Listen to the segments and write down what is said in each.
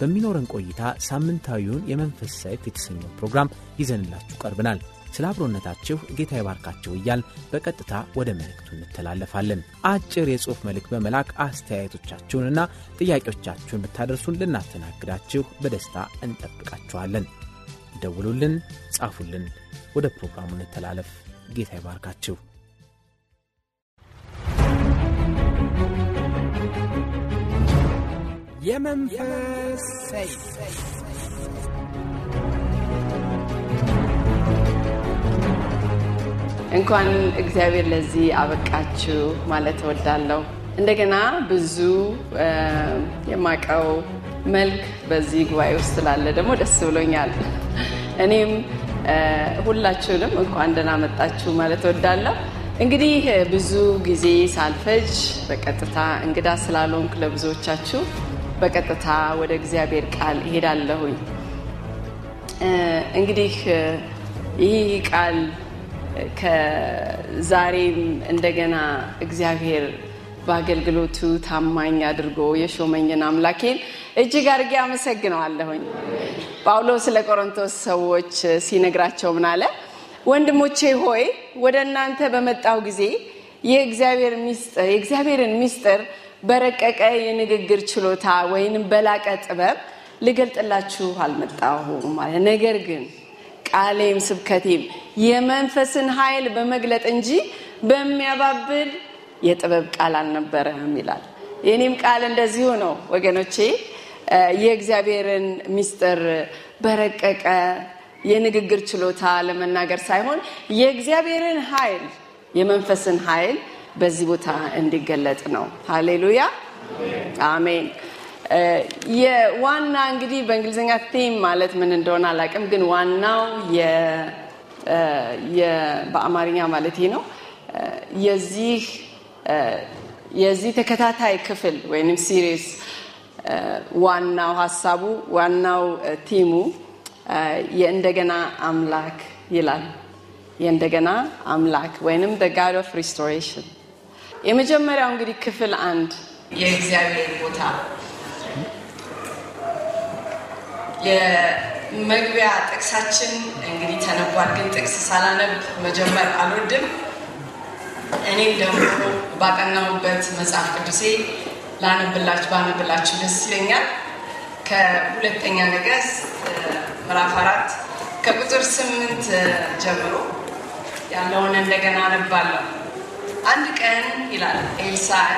በሚኖረን ቆይታ ሳምንታዊውን የመንፈስ ሰይፍ የተሰኘው ፕሮግራም ይዘንላችሁ ቀርብናል። ስለ አብሮነታችሁ ጌታ ይባርካቸው እያል በቀጥታ ወደ መልእክቱ እንተላለፋለን። አጭር የጽሑፍ መልእክት በመላክ አስተያየቶቻችሁንና ጥያቄዎቻችሁን ብታደርሱን ልናስተናግዳችሁ በደስታ እንጠብቃችኋለን። ደውሉልን፣ ጻፉልን። ወደ ፕሮግራሙ እንተላለፍ። ጌታ ይባርካችሁ። የመንፈስ እንኳን እግዚአብሔር ለዚህ አበቃችሁ ማለት እወዳለሁ። እንደገና ብዙ የማቀው መልክ በዚህ ጉባኤ ውስጥ ላለ ደግሞ ደስ ብሎኛል። እኔም ሁላችሁንም እንኳን ደህና መጣችሁ ማለት እወዳለሁ። እንግዲህ ብዙ ጊዜ ሳልፈጅ በቀጥታ እንግዳ ስላልሆንኩ ለብዙዎቻችሁ በቀጥታ ወደ እግዚአብሔር ቃል እሄዳለሁኝ። እንግዲህ ይህ ቃል ከዛሬም እንደገና እግዚአብሔር በአገልግሎቱ ታማኝ አድርጎ የሾመኝን አምላኬን እጅግ አድርጌ አመሰግነዋለሁኝ። ጳውሎስ ለቆሮንቶስ ሰዎች ሲነግራቸው ምን አለ? ወንድሞቼ ሆይ ወደ እናንተ በመጣው ጊዜ የእግዚአብሔርን ሚስጥር። በረቀቀ የንግግር ችሎታ ወይንም በላቀ ጥበብ ልገልጥላችሁ አልመጣሁም ማለት ነገር ግን ቃሌም ስብከቴም የመንፈስን ኃይል በመግለጥ እንጂ በሚያባብል የጥበብ ቃል አልነበረም ይላል። የኔም ቃል እንደዚሁ ነው ወገኖቼ። የእግዚአብሔርን ሚስጥር በረቀቀ የንግግር ችሎታ ለመናገር ሳይሆን የእግዚአብሔርን ኃይል የመንፈስን ኃይል በዚህ ቦታ እንዲገለጥ ነው። ሃሌሉያ አሜን። የዋና እንግዲህ በእንግሊዝኛ ቲም ማለት ምን እንደሆነ አላውቅም፣ ግን ዋናው በአማርኛ ማለት ነው የዚህ ተከታታይ ክፍል ወይም ሲሪስ ዋናው ሀሳቡ ዋናው ቲሙ የእንደገና አምላክ ይላል። የእንደገና አምላክ ወይንም ደ ጋድ ኦፍ ሪስቶሬሽን የመጀመሪያው እንግዲህ ክፍል አንድ የእግዚአብሔር ቦታ የመግቢያ ጥቅሳችን እንግዲህ ተነቧል፣ ግን ጥቅስ ሳላነብ መጀመር አልወድም። እኔም ደግሞ ባጠናሁበት መጽሐፍ ቅዱሴ ላነብላችሁ ባነብላችሁ ደስ ይለኛል። ከሁለተኛ ነገስ ምዕራፍ አራት ከቁጥር ስምንት ጀምሮ ያለውን እንደገና አነባለሁ። አንድ ቀን ይላል ኤልሳዕ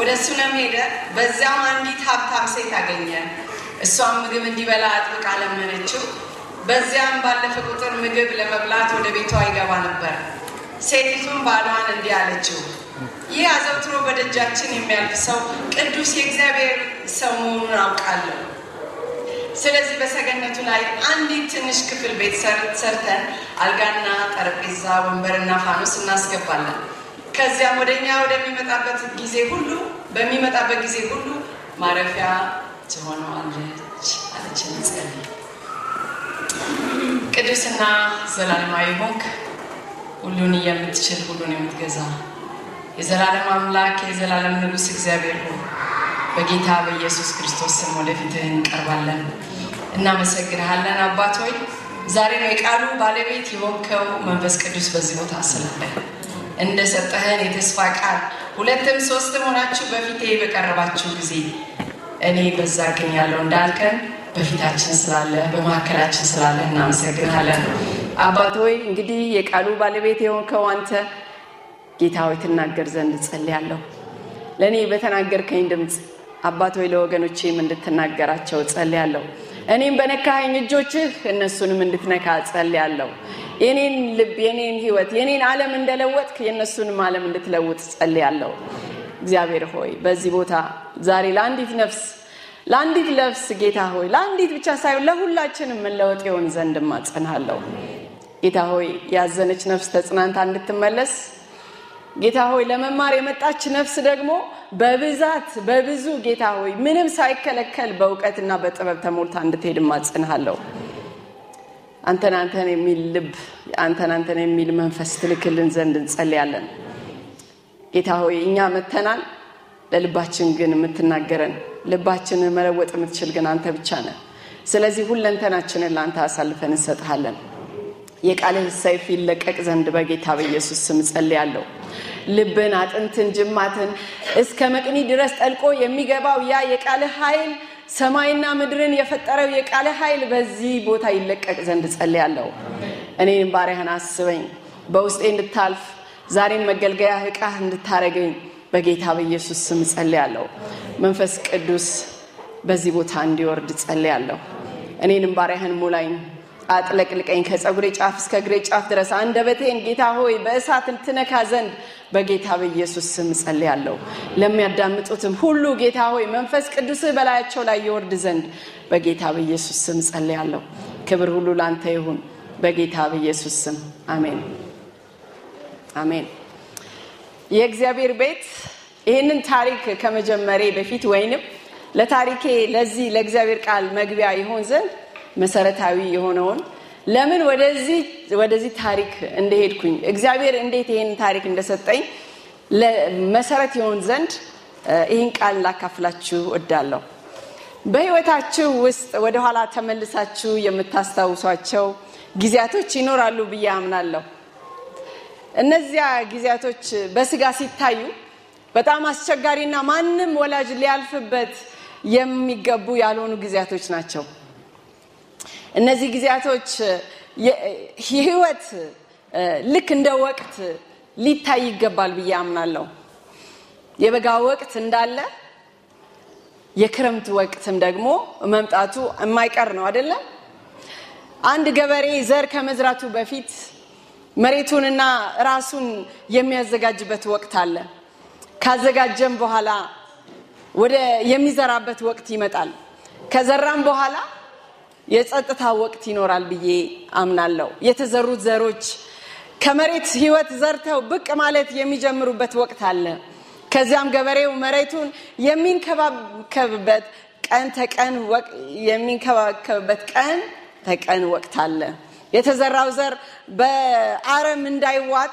ወደ ሱነም ሄደ። በዚያም አንዲት ሀብታም ሴት አገኘ። እሷም ምግብ እንዲበላ አጥብቃ ለመነችው። በዚያም ባለፈ ቁጥር ምግብ ለመብላት ወደ ቤቷ ይገባ ነበር። ሴቲቱም ባሏን እንዲህ አለችው፣ ይህ አዘውትሮ በደጃችን የሚያልፍ ሰው ቅዱስ የእግዚአብሔር ሰው መሆኑን አውቃለሁ። ስለዚህ በሰገነቱ ላይ አንዲት ትንሽ ክፍል ቤት ሰርተን አልጋና ጠረጴዛ፣ ወንበርና ፋኖስ እናስገባለን ከዚያም ወደ እኛ ወደሚመጣበት ጊዜ ሁሉ በሚመጣበት ጊዜ ሁሉ ማረፊያ ትሆነዋለች አለች። እንጸልይ። ቅዱስና ዘላለማዊ ሆንክ፣ ሁሉን የምትችል ሁሉን የምትገዛ የዘላለም አምላክ የዘላለም ንጉስ እግዚአብሔር ሆይ በጌታ በኢየሱስ ክርስቶስ ስም ወደፊትህ እንቀርባለን። እናመሰግንሃለን አባት ሆይ ዛሬ ነው የቃሉ ባለቤት የሆንከው መንፈስ ቅዱስ በዚህ ቦታ ስላለ እንደሰጠህን የተስፋ ቃል ሁለትም ሶስትም ሆናችሁ በፊቴ በቀረባችሁ ጊዜ እኔ በዛ ግን ያለው እንዳልከን በፊታችን ስላለ በመካከላችን ስላለ እናመሰግናለን። አባት ሆይ እንግዲህ የቃሉ ባለቤት የሆንከው አንተ ጌታ ሆይ ትናገር ዘንድ ጸልያለሁ። ለእኔ በተናገርከኝ ድምፅ አባት ሆይ ለወገኖቼም እንድትናገራቸው ጸልያለሁ። እኔም በነካኸኝ እጆችህ እነሱንም እንድትነካ ጸልያለሁ። የኔን ልብ የኔን ህይወት የኔን ዓለም እንደለወጥክ የእነሱንም ዓለም እንድትለውጥ ጸልያለሁ። እግዚአብሔር ሆይ በዚህ ቦታ ዛሬ ለአንዲት ነፍስ ለአንዲት ለፍስ ጌታ ሆይ ለአንዲት ብቻ ሳይሆን ለሁላችንም መለወጥ የሆን ዘንድ ማጸናለሁ። ጌታ ሆይ ያዘነች ነፍስ ተጽናንታ እንድትመለስ ጌታ ሆይ ለመማር የመጣች ነፍስ ደግሞ በብዛት በብዙ ጌታ ሆይ ምንም ሳይከለከል በእውቀትና በጥበብ ተሞልታ እንድትሄድ ማጽንሃለሁ። አንተን አንተን የሚል ልብ አንተን አንተን የሚል መንፈስ ትልክልን ዘንድ እንጸልያለን። ጌታ ሆይ እኛ መተናል፣ ለልባችን ግን የምትናገረን ልባችንን መለወጥ የምትችል ግን አንተ ብቻ ነ ስለዚህ ሁለንተናችንን ለአንተ አሳልፈን እንሰጥሃለን። የቃልህ ሰይፍ ይለቀቅ ዘንድ በጌታ በኢየሱስ ስም ጸልያለሁ። ልብን፣ አጥንትን፣ ጅማትን እስከ መቅኒ ድረስ ጠልቆ የሚገባው ያ የቃልህ ኃይል ሰማይና ምድርን የፈጠረው የቃለ ኃይል በዚህ ቦታ ይለቀቅ ዘንድ ጸልያለሁ። እኔም ባሪያህን አስበኝ፣ በውስጤ እንድታልፍ ዛሬን መገልገያ ዕቃህ እንድታረገኝ በጌታ በኢየሱስ ስም ጸልያለሁ። መንፈስ ቅዱስ በዚህ ቦታ እንዲወርድ ጸልያለሁ። እኔንም ባሪያህን ሙላኝ። አጥለቅልቀኝ ከፀጉሬ ጫፍ እስከ እግሬ ጫፍ ድረስ አንደበቴን ጌታ ሆይ በእሳት ትነካ ዘንድ በጌታ በኢየሱስ ስም ጸልያለሁ። ለሚያዳምጡትም ሁሉ ጌታ ሆይ መንፈስ ቅዱስህ በላያቸው ላይ የወርድ ዘንድ በጌታ በኢየሱስ ስም ጸልያለሁ። ክብር ሁሉ ላንተ ይሁን በጌታ በኢየሱስ ስም አሜን፣ አሜን። የእግዚአብሔር ቤት ይህንን ታሪክ ከመጀመሬ በፊት ወይንም ለታሪኬ ለዚህ ለእግዚአብሔር ቃል መግቢያ ይሆን ዘንድ መሰረታዊ የሆነውን ለምን ወደዚህ ታሪክ እንደሄድኩኝ እግዚአብሔር እንዴት ይህን ታሪክ እንደሰጠኝ መሰረት የሆን ዘንድ ይህን ቃል ላካፍላችሁ እዳለሁ በህይወታችሁ ውስጥ ወደኋላ ተመልሳችሁ የምታስታውሷቸው ጊዜያቶች ይኖራሉ ብዬ አምናለሁ። እነዚያ ጊዜያቶች በስጋ ሲታዩ በጣም አስቸጋሪና ማንም ወላጅ ሊያልፍበት የሚገቡ ያልሆኑ ጊዜያቶች ናቸው። እነዚህ ጊዜያቶች የህይወት ልክ እንደ ወቅት ሊታይ ይገባል ብዬ አምናለሁ። የበጋ ወቅት እንዳለ የክረምት ወቅትም ደግሞ መምጣቱ የማይቀር ነው አይደለም። አንድ ገበሬ ዘር ከመዝራቱ በፊት መሬቱንና ራሱን የሚያዘጋጅበት ወቅት አለ። ካዘጋጀም በኋላ ወደ የሚዘራበት ወቅት ይመጣል። ከዘራም በኋላ የጸጥታ ወቅት ይኖራል ብዬ አምናለሁ። የተዘሩት ዘሮች ከመሬት ህይወት ዘርተው ብቅ ማለት የሚጀምሩበት ወቅት አለ። ከዚያም ገበሬው መሬቱን የሚንከባከብበት ቀን ተቀን የሚንከባከብበት ቀን ተቀን ወቅት አለ። የተዘራው ዘር በአረም እንዳይዋጥ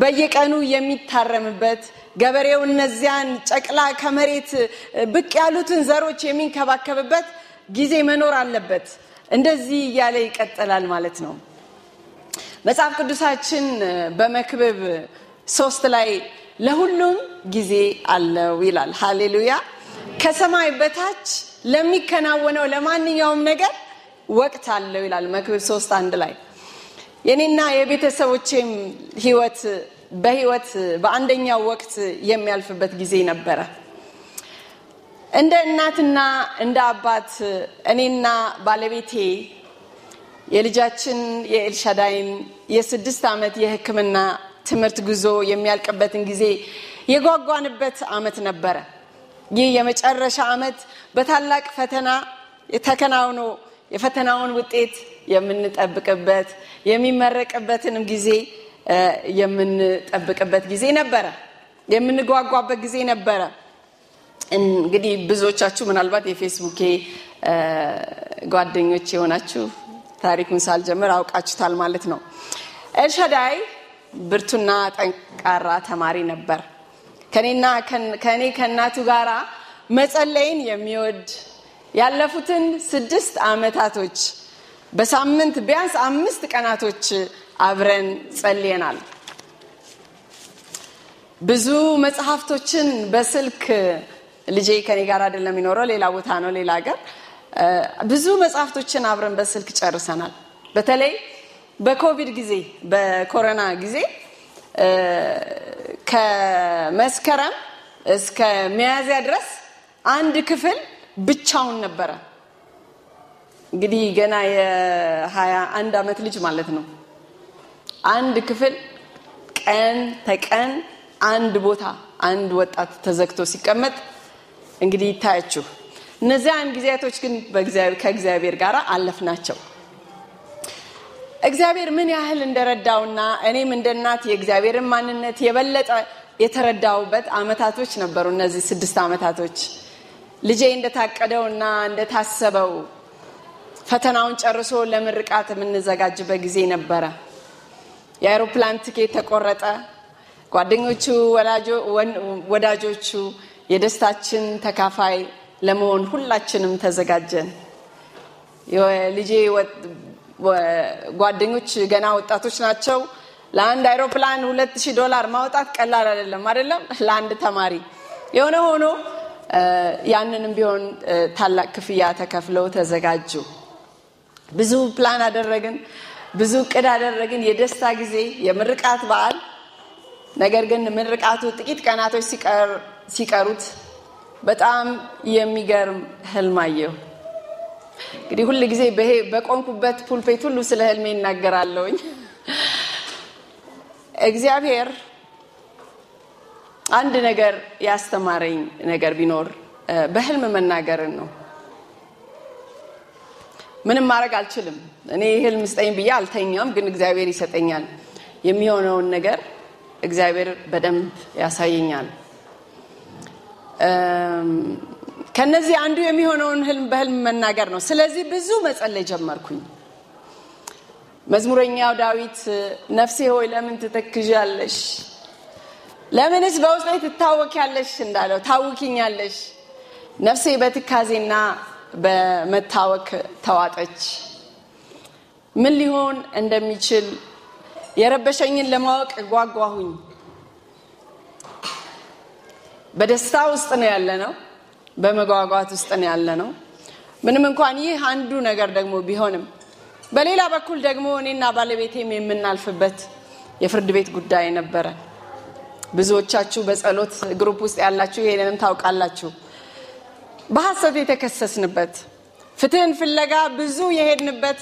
በየቀኑ የሚታረምበት ገበሬው እነዚያን ጨቅላ ከመሬት ብቅ ያሉትን ዘሮች የሚንከባከብበት ጊዜ መኖር አለበት። እንደዚህ እያለ ይቀጥላል ማለት ነው። መጽሐፍ ቅዱሳችን በመክብብ ሶስት ላይ ለሁሉም ጊዜ አለው ይላል። ሃሌሉያ! ከሰማይ በታች ለሚከናወነው ለማንኛውም ነገር ወቅት አለው ይላል መክብብ ሶስት አንድ ላይ የኔና የቤተሰቦቼም ህይወት በህይወት በአንደኛው ወቅት የሚያልፍበት ጊዜ ነበረ። እንደ እናትና እንደ አባት እኔና ባለቤቴ የልጃችን የኤልሻዳይን የስድስት ዓመት የሕክምና ትምህርት ጉዞ የሚያልቅበትን ጊዜ የጓጓንበት ዓመት ነበረ። ይህ የመጨረሻ ዓመት በታላቅ ፈተና የተከናውኖ የፈተናውን ውጤት የምንጠብቅበት የሚመረቅበትንም ጊዜ የምንጠብቅበት ጊዜ ነበረ። የምንጓጓበት ጊዜ ነበረ። እንግዲህ ብዙዎቻችሁ ምናልባት የፌስቡኬ ጓደኞች የሆናችሁ ታሪኩን ሳልጀምር አውቃችሁታል ማለት ነው። ኤልሻዳይ ብርቱና ጠንካራ ተማሪ ነበር። ከኔና ከኔ ከእናቱ ጋራ መጸለይን የሚወድ ያለፉትን ስድስት ዓመታቶች በሳምንት ቢያንስ አምስት ቀናቶች አብረን ጸልየናል። ብዙ መጽሐፍቶችን በስልክ ልጄ ከኔ ጋር አይደለም የሚኖረው፣ ሌላ ቦታ ነው፣ ሌላ ሀገር። ብዙ መጽሐፍቶችን አብረን በስልክ ጨርሰናል። በተለይ በኮቪድ ጊዜ በኮሮና ጊዜ ከመስከረም እስከ መያዝያ ድረስ አንድ ክፍል ብቻውን ነበረ። እንግዲህ ገና የሀያ አንድ አመት ልጅ ማለት ነው። አንድ ክፍል ቀን ተቀን አንድ ቦታ አንድ ወጣት ተዘግቶ ሲቀመጥ እንግዲህ ይታያችሁ። እነዚያን ጊዜያቶች ግን ከእግዚአብሔር ጋር አለፍ ናቸው። እግዚአብሔር ምን ያህል እንደረዳውና እኔም እንደ እናት የእግዚአብሔርን ማንነት የበለጠ የተረዳውበት አመታቶች ነበሩ። እነዚህ ስድስት አመታቶች ልጄ እንደታቀደውና እንደታሰበው ፈተናውን ጨርሶ ለምርቃት የምንዘጋጅበት ጊዜ ነበረ። የአይሮፕላን ትኬት ተቆረጠ። ጓደኞቹ፣ ወዳጆቹ የደስታችን ተካፋይ ለመሆን ሁላችንም ተዘጋጀን። የልጄ ጓደኞች ገና ወጣቶች ናቸው። ለአንድ አይሮፕላን ሁለት ሺህ ዶላር ማውጣት ቀላል አይደለም፣ አይደለም ለአንድ ተማሪ። የሆነ ሆኖ ያንንም ቢሆን ታላቅ ክፍያ ተከፍለው ተዘጋጁ። ብዙ ፕላን አደረግን፣ ብዙ እቅድ አደረግን። የደስታ ጊዜ፣ የምርቃት በዓል ነገር ግን ምርቃቱ ጥቂት ቀናቶች ሲቀር ሲቀሩት በጣም የሚገርም ህልም አየሁ። እንግዲህ ሁል ጊዜ በቆንኩበት ፑልፔት ሁሉ ስለ ህልሜ ይናገራለውኝ። እግዚአብሔር አንድ ነገር ያስተማረኝ ነገር ቢኖር በህልም መናገርን ነው። ምንም ማድረግ አልችልም። እኔ ህልም ስጠኝ ብዬ አልተኛም፣ ግን እግዚአብሔር ይሰጠኛል። የሚሆነውን ነገር እግዚአብሔር በደንብ ያሳየኛል። ከነዚህ አንዱ የሚሆነውን ህልም በህልም መናገር ነው። ስለዚህ ብዙ መጸለይ ጀመርኩኝ። መዝሙረኛው ዳዊት ነፍሴ ሆይ ለምን ትተክዣለሽ? ለምንስ በውስጤ ትታወኪያለሽ እንዳለው ታውኪኛለሽ። ነፍሴ በትካዜና በመታወክ ተዋጠች። ምን ሊሆን እንደሚችል የረበሸኝን ለማወቅ ጓጓሁኝ። በደስታ ውስጥ ነው ያለ ነው። በመጓጓት ውስጥ ነው ያለ ነው። ምንም እንኳን ይህ አንዱ ነገር ደግሞ ቢሆንም በሌላ በኩል ደግሞ እኔና ባለቤቴም የምናልፍበት የፍርድ ቤት ጉዳይ ነበረ። ብዙዎቻችሁ በጸሎት ግሩፕ ውስጥ ያላችሁ ይሄንንም ታውቃላችሁ። በሐሰት የተከሰስንበት ፍትህን ፍለጋ ብዙ የሄድንበት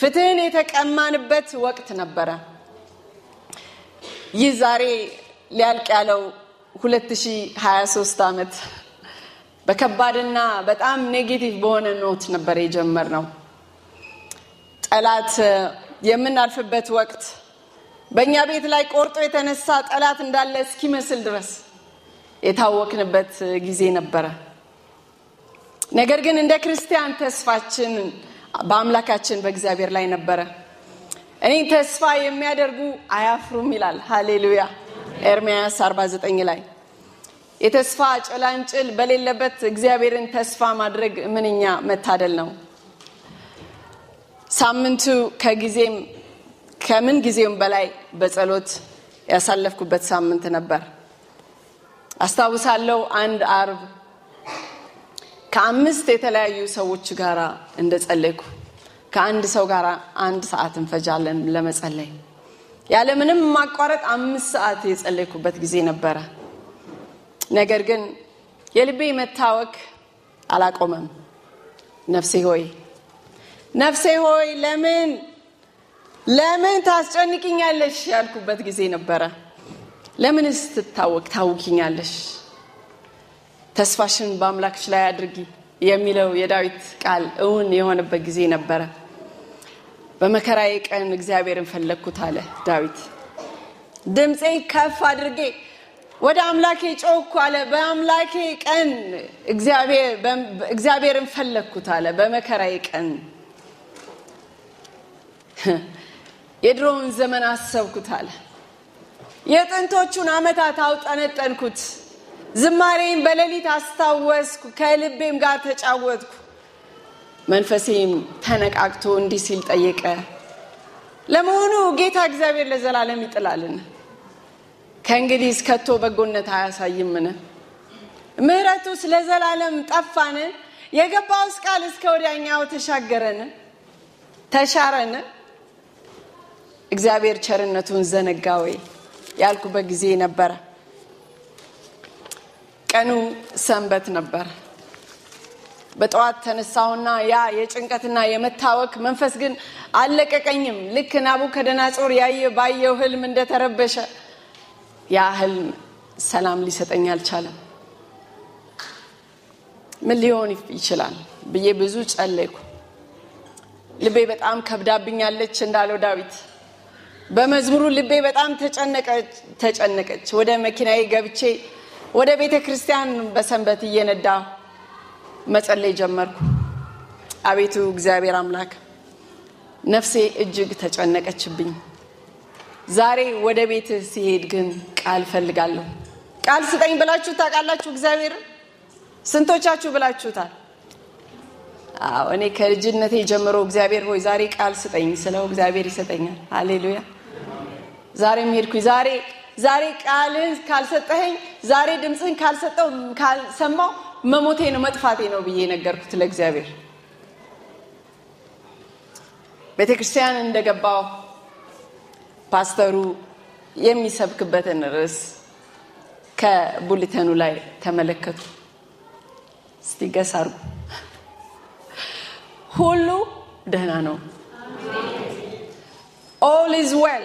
ፍትህን የተቀማንበት ወቅት ነበረ። ይህ ዛሬ ሊያልቅ ያለው ሁለት ሺህ ሀያ ሶስት ዓመት በከባድና በጣም ኔጌቲቭ በሆነ ኖት ነበር የጀመርነው። ጠላት የምናልፍበት ወቅት በእኛ ቤት ላይ ቆርጦ የተነሳ ጠላት እንዳለ እስኪመስል ድረስ የታወክንበት ጊዜ ነበረ። ነገር ግን እንደ ክርስቲያን ተስፋችን በአምላካችን በእግዚአብሔር ላይ ነበረ። እኔ ተስፋ የሚያደርጉ አያፍሩም ይላል። ሀሌሉያ። ኤርሚያስ 49 ላይ የተስፋ ጭላንጭል በሌለበት እግዚአብሔርን ተስፋ ማድረግ ምንኛ መታደል ነው። ሳምንቱ ከጊዜም ከምን ጊዜም በላይ በጸሎት ያሳለፍኩበት ሳምንት ነበር። አስታውሳለሁ አንድ አርብ ከአምስት የተለያዩ ሰዎች ጋር እንደጸለይኩ ከአንድ ሰው ጋር አንድ ሰዓት እንፈጃለን ለመጸለይ ያለምንም ማቋረጥ አምስት ሰዓት የጸለይኩበት ጊዜ ነበረ። ነገር ግን የልቤ መታወክ አላቆመም። ነፍሴ ሆይ ነፍሴ ሆይ ለምን ለምን ታስጨንቅኛለሽ ያልኩበት ጊዜ ነበረ። ለምንስ ትታወቅ ታውኪኛለሽ? ተስፋሽን በአምላክሽ ላይ አድርጊ የሚለው የዳዊት ቃል እውን የሆነበት ጊዜ ነበረ። በመከራዬ ቀን እግዚአብሔርን ፈለግኩት አለ ዳዊት። ድምፄ ከፍ አድርጌ ወደ አምላኬ ጮኩ አለ። በአምላኬ ቀን እግዚአብሔርን ፈለግኩት አለ። በመከራዬ ቀን የድሮውን ዘመን አሰብኩት አለ። የጥንቶቹን አመታት አውጠነጠንኩት። ዝማሬን በሌሊት አስታወስኩ፣ ከልቤም ጋር ተጫወትኩ። መንፈሴም ተነቃቅቶ እንዲህ ሲል ጠየቀ፣ ለመሆኑ ጌታ እግዚአብሔር ለዘላለም ይጥላልን? ከእንግዲህ ከቶ በጎነት አያሳይምን? ስለ ለዘላለም ጠፋን? የገባውስ ቃል እስከ ወዲያኛው ተሻገረን ተሻረን? እግዚአብሔር ቸርነቱን ዘነጋ ወይ ያልኩበት ጊዜ ነበረ። ቀኑ ሰንበት ነበር። በጠዋት ተነሳሁና ያ የጭንቀትና የመታወክ መንፈስ ግን አልለቀቀኝም። ልክ ናቡከደነፆር ያየ ባየው ህልም እንደተረበሸ ያ ህልም ሰላም ሊሰጠኝ አልቻለም። ምን ሊሆን ይችላል ብዬ ብዙ ጸለይኩ። ልቤ በጣም ከብዳብኛለች እንዳለው ዳዊት በመዝሙሩ ልቤ በጣም ተጨነቀች። ወደ መኪናዬ ገብቼ ወደ ቤተ ክርስቲያን በሰንበት እየነዳሁ መጸለይ ጀመርኩ። አቤቱ እግዚአብሔር አምላክ ነፍሴ እጅግ ተጨነቀችብኝ። ዛሬ ወደ ቤት ሲሄድ ግን ቃል ፈልጋለሁ። ቃል ስጠኝ ብላችሁ ታውቃላችሁ? እግዚአብሔር ስንቶቻችሁ ብላችሁታል? አዎ እኔ ከልጅነቴ ጀምሮ እግዚአብሔር ሆይ ዛሬ ቃል ስጠኝ ስለው እግዚአብሔር ይሰጠኛል። ሃሌሉያ። ዛሬ ሄድኩ ዛሬ ዛሬ ቃልህን ካልሰጠኸኝ፣ ዛሬ ድምፅህን ካልሰጠው ካልሰማው መሞቴ ነው መጥፋቴ ነው ብዬ የነገርኩት ለእግዚአብሔር። ቤተ ክርስቲያን እንደገባው ፓስተሩ የሚሰብክበትን ርዕስ ከቡሊተኑ ላይ ተመለከቱ። ስቲገሳርጉ ገስ ሁሉ ደህና ነው፣ ኦል ኢዝ ዌል፣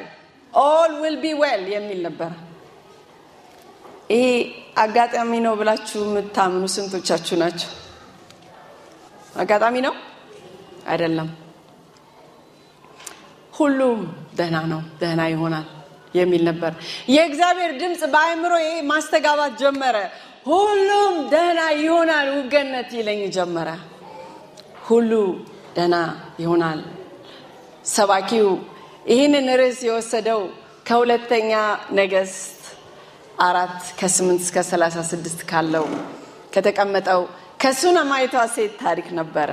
ኦል ዊል ቢ ዌል የሚል ነበረ። አጋጣሚ ነው ብላችሁ የምታምኑ ስንቶቻችሁ ናቸው? አጋጣሚ ነው አይደለም። ሁሉም ደህና ነው፣ ደህና ይሆናል የሚል ነበር። የእግዚአብሔር ድምፅ በአእምሮ ማስተጋባት ጀመረ። ሁሉም ደህና ይሆናል ውገነት ይለኝ ጀመረ። ሁሉ ደህና ይሆናል። ሰባኪው ይህንን ርዕስ የወሰደው ከሁለተኛ ነገስ አራት ከስምንት እስከ ሰላሳ ስድስት ካለው ከተቀመጠው ከሱነማይቷ ሴት ታሪክ ነበረ።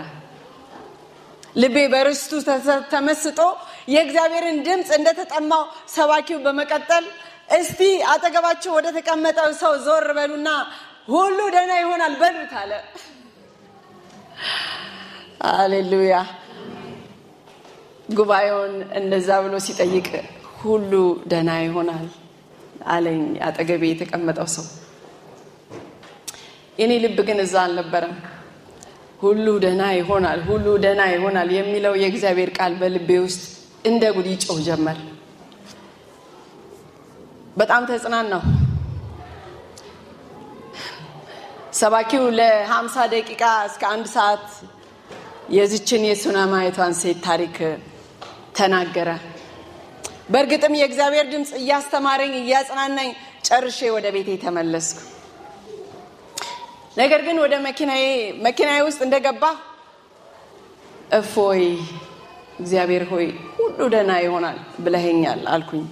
ልቤ በርስቱ ተመስጦ የእግዚአብሔርን ድምፅ እንደተጠማው ሰባኪው በመቀጠል እስቲ አጠገባችሁ ወደ ተቀመጠው ሰው ዞር በሉና ሁሉ ደህና ይሆናል በሉት አለ። አሌሉያ! ጉባኤውን እንደዛ ብሎ ሲጠይቅ ሁሉ ደህና ይሆናል አለኝ አጠገቤ የተቀመጠው ሰው። የኔ ልብ ግን እዛ አልነበረም። ሁሉ ደህና ይሆናል፣ ሁሉ ደህና ይሆናል የሚለው የእግዚአብሔር ቃል በልቤ ውስጥ እንደ ጉድ ይጮህ ጀመር። በጣም ተጽናናሁ። ሰባኪው ለሀምሳ ደቂቃ እስከ አንድ ሰዓት የዚችን የሱናማይቷን ሴት ታሪክ ተናገረ። በእርግጥም የእግዚአብሔር ድምፅ እያስተማረኝ እያጽናናኝ ጨርሼ ወደ ቤቴ ተመለስኩ። ነገር ግን ወደ መኪናዬ ውስጥ እንደገባ እፎይ እግዚአብሔር ሆይ ሁሉ ደህና ይሆናል ብለኸኛል አልኩኝ።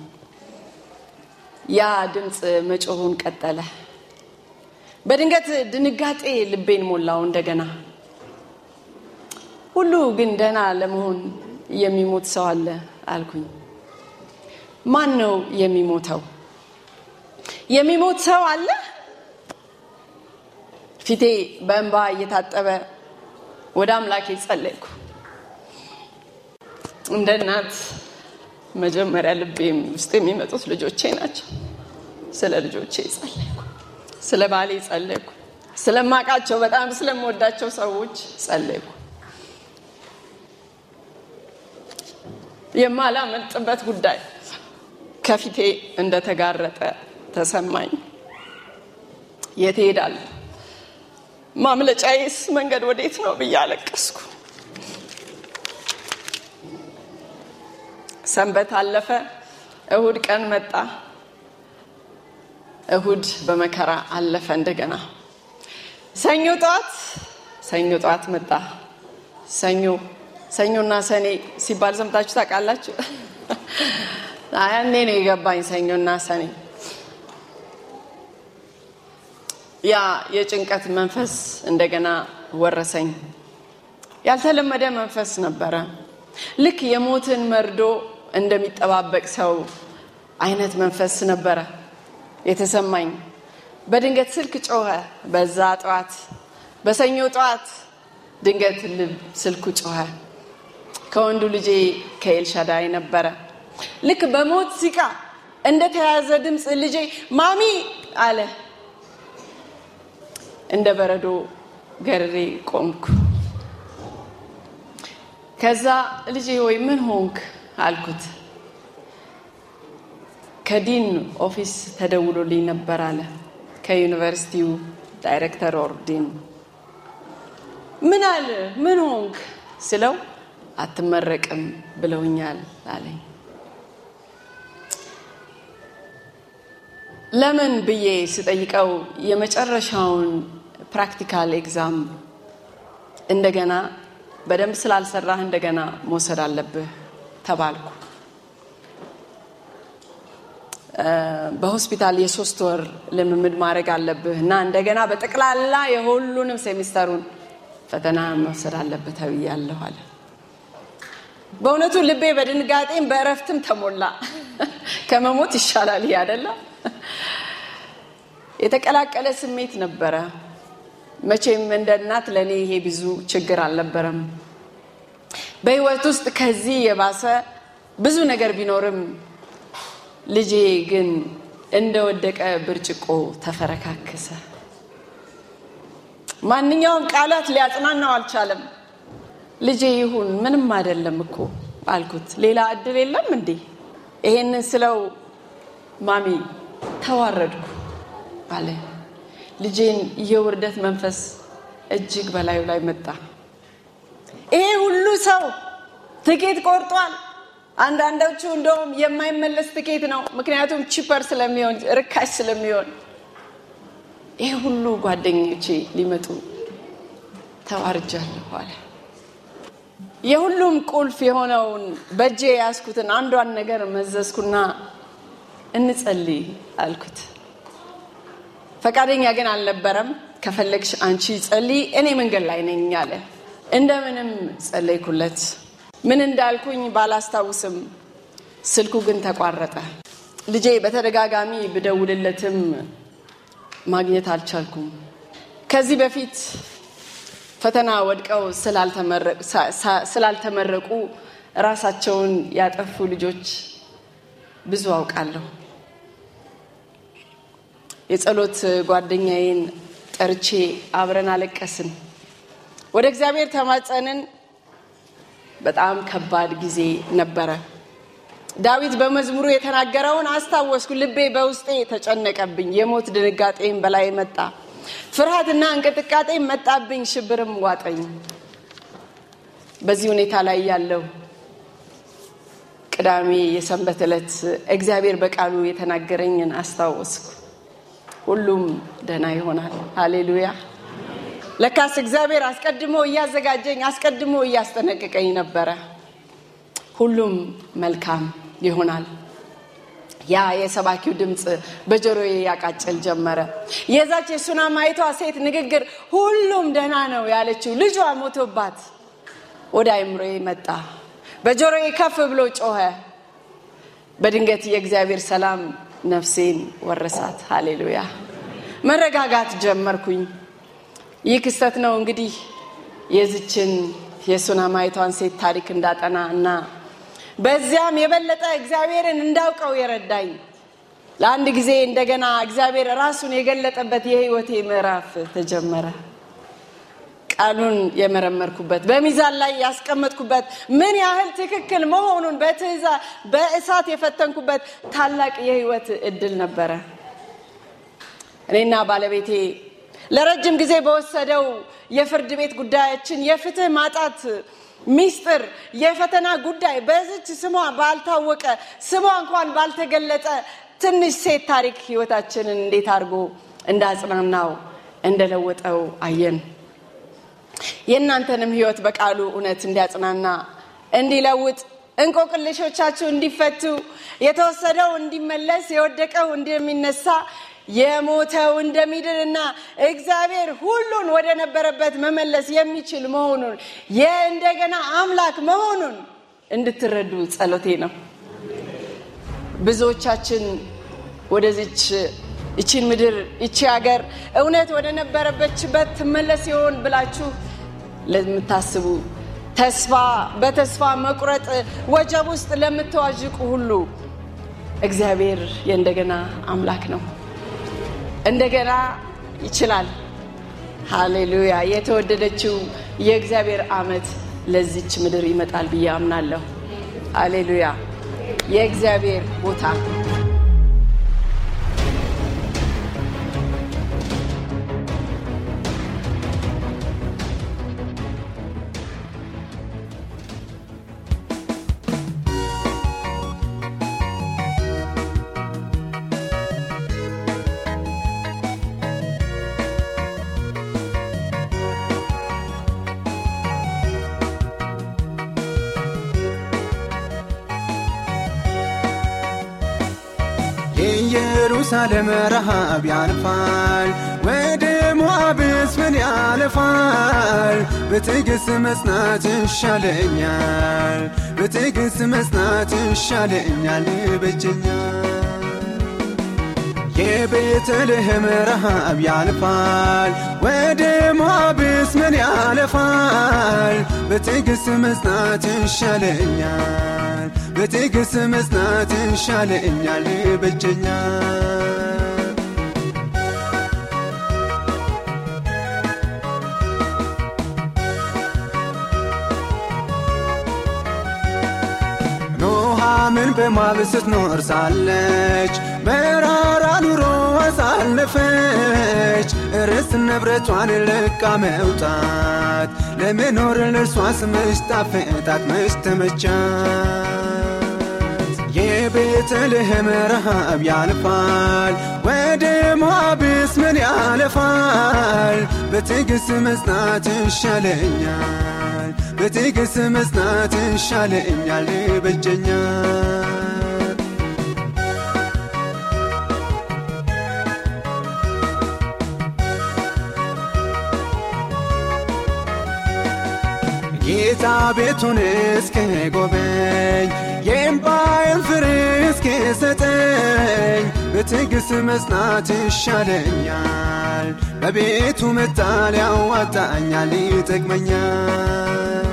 ያ ድምፅ መጮሁን ቀጠለ። በድንገት ድንጋጤ ልቤን ሞላው። እንደገና ሁሉ ግን ደህና ለመሆን የሚሞት ሰው አለ አልኩኝ። ማን ነው የሚሞተው? የሚሞት ሰው አለ? ፊቴ በእንባ እየታጠበ ወደ አምላኬ ጸለይኩ። እንደ እናት መጀመሪያ ልቤ ውስጥ የሚመጡት ልጆቼ ናቸው። ስለ ልጆቼ ጸለይኩ፣ ስለ ባሌ ጸለይኩ፣ ስለማቃቸው በጣም ስለምወዳቸው ሰዎች ጸለይኩ። የማላመልጥበት ጉዳይ ከፊቴ እንደተጋረጠ ተሰማኝ። የት እሄዳለሁ? ማምለጫዬስ መንገድ ወዴት ነው ብዬ አለቀስኩ። ሰንበት አለፈ። እሁድ ቀን መጣ። እሁድ በመከራ አለፈ። እንደገና ሰኞ ጠዋት ሰኞ ጠዋት መጣ። ሰኞ ሰኞና ሰኔ ሲባል ሰምታችሁ ታውቃላችሁ? ያኔ ነው የገባኝ ሰኞና ሰኔ ያ የጭንቀት መንፈስ እንደገና ወረሰኝ። ያልተለመደ መንፈስ ነበረ። ልክ የሞትን መርዶ እንደሚጠባበቅ ሰው አይነት መንፈስ ነበረ የተሰማኝ። በድንገት ስልክ ጮኸ። በዛ ጠዋት በሰኞ ጠዋት ድንገት ልብ ስልኩ ጮኸ። ከወንዱ ልጄ ከኤልሻዳይ ነበረ ልክ በሞት ሲቃ እንደተያዘ ድምፅ ልጄ ማሚ አለ። እንደ በረዶ ገርሬ ቆምኩ። ከዛ ልጄ ወይ ምን ሆንክ አልኩት። ከዲን ኦፊስ ተደውሎልኝ ነበር አለ። ከዩኒቨርሲቲው ዳይሬክተር ኦር ዲን። ምን አለ ምን ሆንክ ስለው አትመረቅም ብለውኛል አለኝ። ለምን ብዬ ስጠይቀው የመጨረሻውን ፕራክቲካል ኤግዛም እንደገና በደንብ ስላልሰራህ እንደገና መውሰድ አለብህ ተባልኩ። በሆስፒታል የሶስት ወር ልምምድ ማድረግ አለብህ እና እንደገና በጠቅላላ የሁሉንም ሴሚስተሩን ፈተና መውሰድ አለብህ ተብያለሁ አለ። በእውነቱ ልቤ በድንጋጤም በእረፍትም ተሞላ። ከመሞት ይሻላል ይህ አደለ? የተቀላቀለ ስሜት ነበረ። መቼም እንደ እናት ለእኔ ይሄ ብዙ ችግር አልነበረም። በህይወት ውስጥ ከዚህ የባሰ ብዙ ነገር ቢኖርም ልጄ ግን እንደወደቀ ብርጭቆ ተፈረካከሰ። ማንኛውም ቃላት ሊያጽናናው አልቻለም። ልጄ ይሁን ምንም አይደለም እኮ አልኩት። ሌላ እድል የለም እንዴ? ይሄንን ስለው ማሚ ተዋረድኩ አለ። ልጄን የውርደት መንፈስ እጅግ በላዩ ላይ መጣ። ይሄ ሁሉ ሰው ትኬት ቆርጧል። አንዳንዶቹ እንደውም የማይመለስ ትኬት ነው፣ ምክንያቱም ቺፐር ስለሚሆን ርካሽ ስለሚሆን። ይሄ ሁሉ ጓደኞቼ ሊመጡ ተዋርጃለሁ አለ። የሁሉም ቁልፍ የሆነውን በእጄ ያስኩትን አንዷን ነገር መዘዝኩና እንጸልይ አልኩት። ፈቃደኛ ግን አልነበረም። ከፈለግሽ አንቺ ጸልይ፣ እኔ መንገድ ላይ ነኝ አለ። እንደምንም ጸለይኩለት። ምን እንዳልኩኝ ባላስታውስም ስልኩ ግን ተቋረጠ። ልጄ በተደጋጋሚ ብደውልለትም ማግኘት አልቻልኩም። ከዚህ በፊት ፈተና ወድቀው ስላልተመረቁ ራሳቸውን ያጠፉ ልጆች ብዙ አውቃለሁ። የጸሎት ጓደኛዬን ጠርቼ አብረን አለቀስን። ወደ እግዚአብሔር ተማጸንን። በጣም ከባድ ጊዜ ነበረ። ዳዊት በመዝሙሩ የተናገረውን አስታወስኩ። ልቤ በውስጤ ተጨነቀብኝ፣ የሞት ድንጋጤም በላይ መጣ። ፍርሃትና እንቅጥቃጤ መጣብኝ፣ ሽብርም ዋጠኝ። በዚህ ሁኔታ ላይ ያለው ቅዳሜ የሰንበት ዕለት እግዚአብሔር በቃሉ የተናገረኝን አስታወስኩ። ሁሉም ደህና ይሆናል። ሃሌሉያ! ለካስ እግዚአብሔር አስቀድሞ እያዘጋጀኝ፣ አስቀድሞ እያስጠነቅቀኝ ነበረ። ሁሉም መልካም ይሆናል። ያ የሰባኪው ድምፅ በጆሮዬ ያቃጭል ጀመረ። የዛች የሱናማይቷ ሴት ንግግር ሁሉም ደህና ነው ያለችው ልጇ ሞቶባት ወደ አይምሮዬ መጣ። በጆሮዬ ከፍ ብሎ ጮኸ። በድንገት የእግዚአብሔር ሰላም ነፍሴን ወረሳት። ሃሌሉያ! መረጋጋት ጀመርኩኝ። ይህ ክስተት ነው እንግዲህ የዝችን የሱናማይቷን ሴት ታሪክ እንዳጠና እና በዚያም የበለጠ እግዚአብሔርን እንዳውቀው የረዳኝ ለአንድ ጊዜ እንደገና እግዚአብሔር ራሱን የገለጠበት የህይወቴ ምዕራፍ ተጀመረ። ቃሉን የመረመርኩበት በሚዛን ላይ ያስቀመጥኩበት ምን ያህል ትክክል መሆኑን በትዕዛ በእሳት የፈተንኩበት ታላቅ የህይወት እድል ነበረ። እኔና ባለቤቴ ለረጅም ጊዜ በወሰደው የፍርድ ቤት ጉዳያችን የፍትህ ማጣት ሚስጥር የፈተና ጉዳይ በዚች ስሟ ባልታወቀ ስሟ እንኳን ባልተገለጠ ትንሽ ሴት ታሪክ ህይወታችንን እንዴት አድርጎ እንዳጽናናው እንደለወጠው አየን። የእናንተንም ህይወት በቃሉ እውነት እንዲያጽናና እንዲለውጥ፣ እንቆቅልሾቻችሁ እንዲፈቱ፣ የተወሰደው እንዲመለስ፣ የወደቀው እንደሚነሳ የሞተው እንደሚድርና እግዚአብሔር ሁሉን ወደ ነበረበት መመለስ የሚችል መሆኑን የእንደገና አምላክ መሆኑን እንድትረዱ ጸሎቴ ነው። ብዙዎቻችን ወደዚች ይቺን ምድር ይቺ ሀገር እውነት ወደ ነበረበችበት ትመለስ ይሆን ብላችሁ ለምታስቡ ተስፋ በተስፋ መቁረጥ ወጀብ ውስጥ ለምትዋዥቁ ሁሉ እግዚአብሔር የእንደገና አምላክ ነው። እንደገና ይችላል። ሃሌሉያ! የተወደደችው የእግዚአብሔር ዓመት ለዚች ምድር ይመጣል ብዬ አምናለሁ። ሃሌሉያ! የእግዚአብሔር ቦታ ኢየሩሳሌም ረሃብ ያልፋል ወደ ሞዓብ እስፍን ያልፋል በትዕግሥት መጽናት ይሻለኛል በትዕግሥት መጽናት ይሻለኛል ይበጀኛል የቤተልሔም ረሃብ ያልፋል ወደ ሞዓብ እስፍን ያልፋል በትዕግሥት መጽናት ይሻለኛል በትዕግሥት መጽናት ይሻለኛል በጀኛል ኑኃሚን በሞዓብ ስትኖር ሳለች መራራ ኑሮ አሳለፈች። ርስ ንብረቷን ለቃ መውጣት ለመኖር ለእርሷ ስምሽ ጣፈጣት መች ተመቻት። ቤተልሔም ረሃብ ያልፋል ወደ ሞአብስ ምን ያለፋል በትዕግሥት መጽናት ይሻለኛል በትዕግሥት መጽናት ይሻለኛል ይበጀኛል ጌታ ቤቱን እስኪጎበኝ የእምባዬን ፍሬ እስኪሰጠኝ በትዕግሥት መጽናት ይሻለኛል። በቤቱ መጣል ያዋጣኛል፣ ይጠቅመኛል።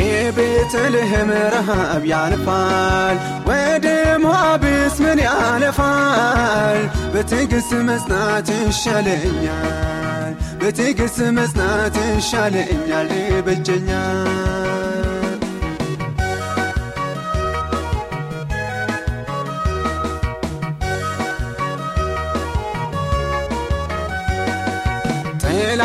የቤተልሔም ረሃብ ያልፋል፣ ወደ ሞዓብስ ምን ያለፋል? በትዕግሥት መጽናት ይሻለኛል፣ በትዕግሥት መጽናት ይሻለኛል፣ ይበጀኛል።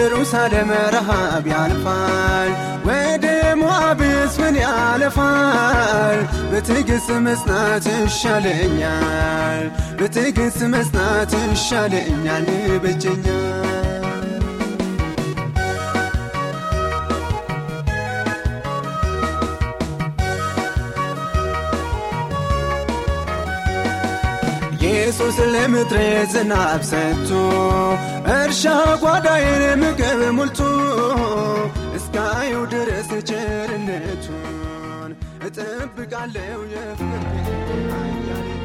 ኢየሩሳሌም ረሃብ ያልፋል፣ ወደ ሞዓብስ ምን ያለፋል። በትዕግሥት መጽናት ይሻለኛል፣ በትዕግሥት መጽናት ይሻለኛል ይበጀኛል። ኢየሱስ ለምድር ዝናብ ሰጥቶ እርሻ ጓዳዬን ምግብ ሙልቶ እስካየው ድረስ ቸርነቱን እጠብቃለሁ የፍቅር